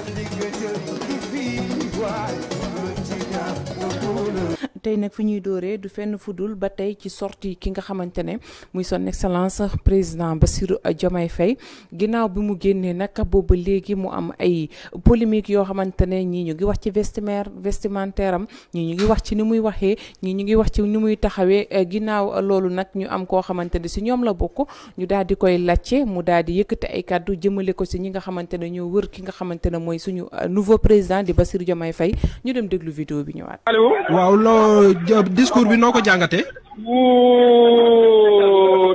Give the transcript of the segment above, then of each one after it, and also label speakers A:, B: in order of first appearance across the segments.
A: Onde que eu te vi igual, não tinha
B: tey nag fi ñuy dooree du fenn fudul ba tey ci sorti ki nga xamante ne muy son excellence président Bassirou Diomaye Faye ginnaaw bi mu génnee nag boobu léegi mu am ay polémique yoo xamante ne ñii ñu ngi wax ci vestimentaire vestimentaire am ñii ñu ngi wax ci ni muy waxee ñii ñu ngi wax ci ni muy taxawee eh, ginnaaw loolu nag ñu am koo xamante ne si ñoom la bokk ñu daal di koy lacce mu daal di yëkkati ay kàddu jëmale ko si ñi nga xamante ne ñoo wër ki nga xamante ne mooy suñu euh, nouveau président di Bassirou Diomaye Faye ñu dem déglu vidéo bi ñëwaat.
A: allo discours bi noko jangate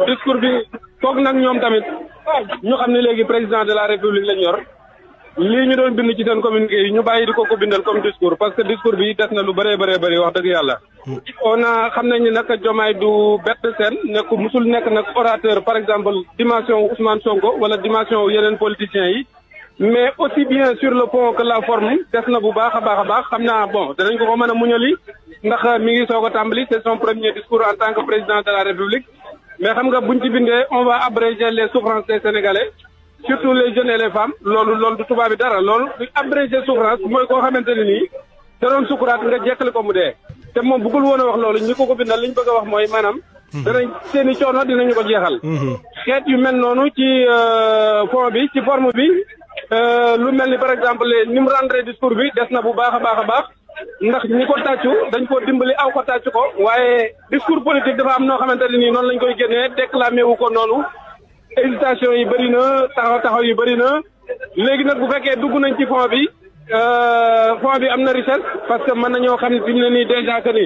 A: discours bi foog nak ñom tamit ñu xamni ne léegi président de la république la ñor li ñu doon bind ci seen communiqué ñu bayyi diko ko bindal comme discours parce que discours bi def na lu bare bare bare wax deug yalla on a xamnañ ni nak jomay du bet sen nek musul nek nak orateur par exemple dimension Ousmane Sonko wala dimension yenen politiciens yi. mais aussi bien sur le pont que la forme def na bu baakha baakha baax xamna bon dañ ko ko meuna muñali ndax mi ngi soog a tàmbali c'est son premier discours en tant que président de la République mais xam nga buñ ci bindee on va abréger les souffrances des Sénégalais surtout les jeunes et les femmes loolu loolu du tubaab bi dara loolu du abréger souffrance mooy koo xamante ni da doon sukuraat nga jekkali ko mu dee te moom bëggul woon a wax loolu ñi ko ko bindal li ñu bëgg a wax mooy maanaam mhm. danañ seen i coono dinañu ko jeexal mhm. xeet yu mel noonu ci euh, fond bi ci forme bi euh, lu mel ni par exemple ni mu rendre discours bi des na bu baax a baax a baax ndax ñi ko tàccu dañ koo dimbali aw ko tàccu ko waaye discours politique dafa am noo xamante ne nii noonu lañ koy génnee déclamé wu ko noonu hésitation yi bëri na taxaw taxaw yi bëri na léegi nag bu fekkee dugg nañ ci fond bi euh, fond bi am na richesse parce que mën ñoo xam ne fi mu ne nii déjà que
B: ni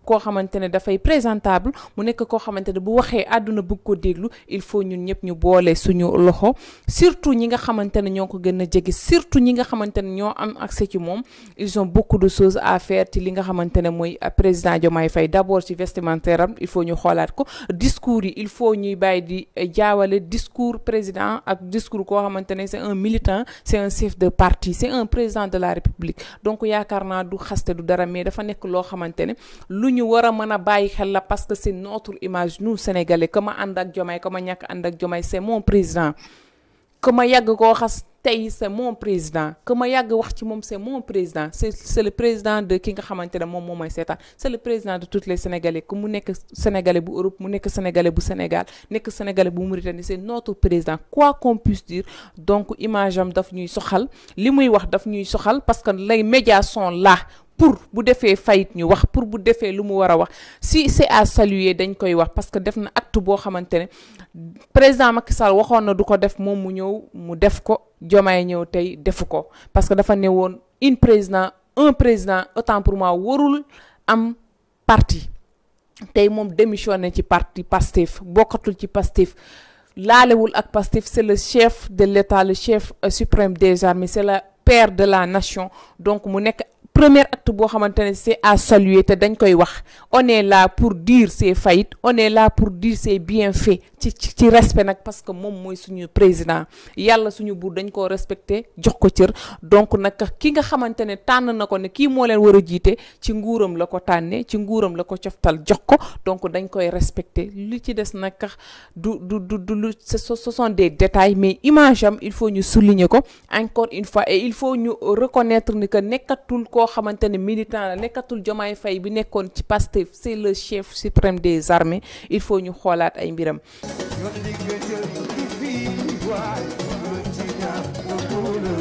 B: koo xamante ne dafay présentable mu nekk koo xamante ne bu waxee àdduna bëgg ko déglu il faut ñun ñëpp ñu boole suñu loxo surtout ñi nga xamante ne ñoo ko gën a jege surtout ñi nga xamante ne ñoo am accès ci moom ils ont beaucoup de choses à faire ci li nga xamante ne mooy président Diomaye Faye d'abord ci vestimentaire am il faut ñu xoolaat ko discours yi il faut ñuy bàyyi di jaawale discours président ak discours koo xamante ne c'est un militant c'est un chef de parti c'est un président de la République donc yaakaar naa du xaste du dara mais dafa nekk loo xamante ne lu nous ñu war a mën la parce que c'est notre image nous sénégalais comme ma ànd ak Diomaye que ma ñàkk ànd ak c'est mon président comme ma yàgg koo xas c'est mon président comme ma yàgg wax ci moom c'est mon président c'est le président de ki nga xamante ne moom c'est ça c'est le président de toutes les sénégalais que mu nekk sénégalais bu Europe mu nekk sénégalais bu Sénégal nekk sénégalais bu Mauritanie c'est notre président quoi qu'on puisse dire donc image am daf ñuy soxal li muy wax daf ñuy soxal parce que les médias sont là pour bu defee fayit ñu wax pour bu defee lu mu wax si c'est à saluer dañ koy wax parce que def na acte boo xamante président Macky Sall waxoon na du ko def mom mu ñew mu def ko jomay ñew tey defuko parce que dafa ne une président un président autant pour moi warul am parti tay mom démissionné ci parti Pastef bokkatul ci Pastef lalewul ak Pastef c'est le chef de l'État le chef euh, suprême des armées c'est la père de la nation donc mu nek natt boo xamante c'est à saluer te dañ koy wax on est là pour dire ses faillites on est là pour dire ses bienfaits ci ci respect nak parce que mom moy suñu président yalla suñu bour dañ ko respecter. jox ko ciir donc nak ki nga xamantene tan nako ne ki mo leen war jité ci nguuram la ko ci nguuram la ko jox ko donc dañ koy respecter. li ci des nak du du du du lu ce sont des détails mais image am il faut ñu souligner ko encore une fois et il faut ñu reconnaître ni que nekkatul ko xamantene militant la nekkatul Jomaay Fay bi nekkoon ci Pastef c'est le chef suprême des armées il faut ñu xolaat ay mbiram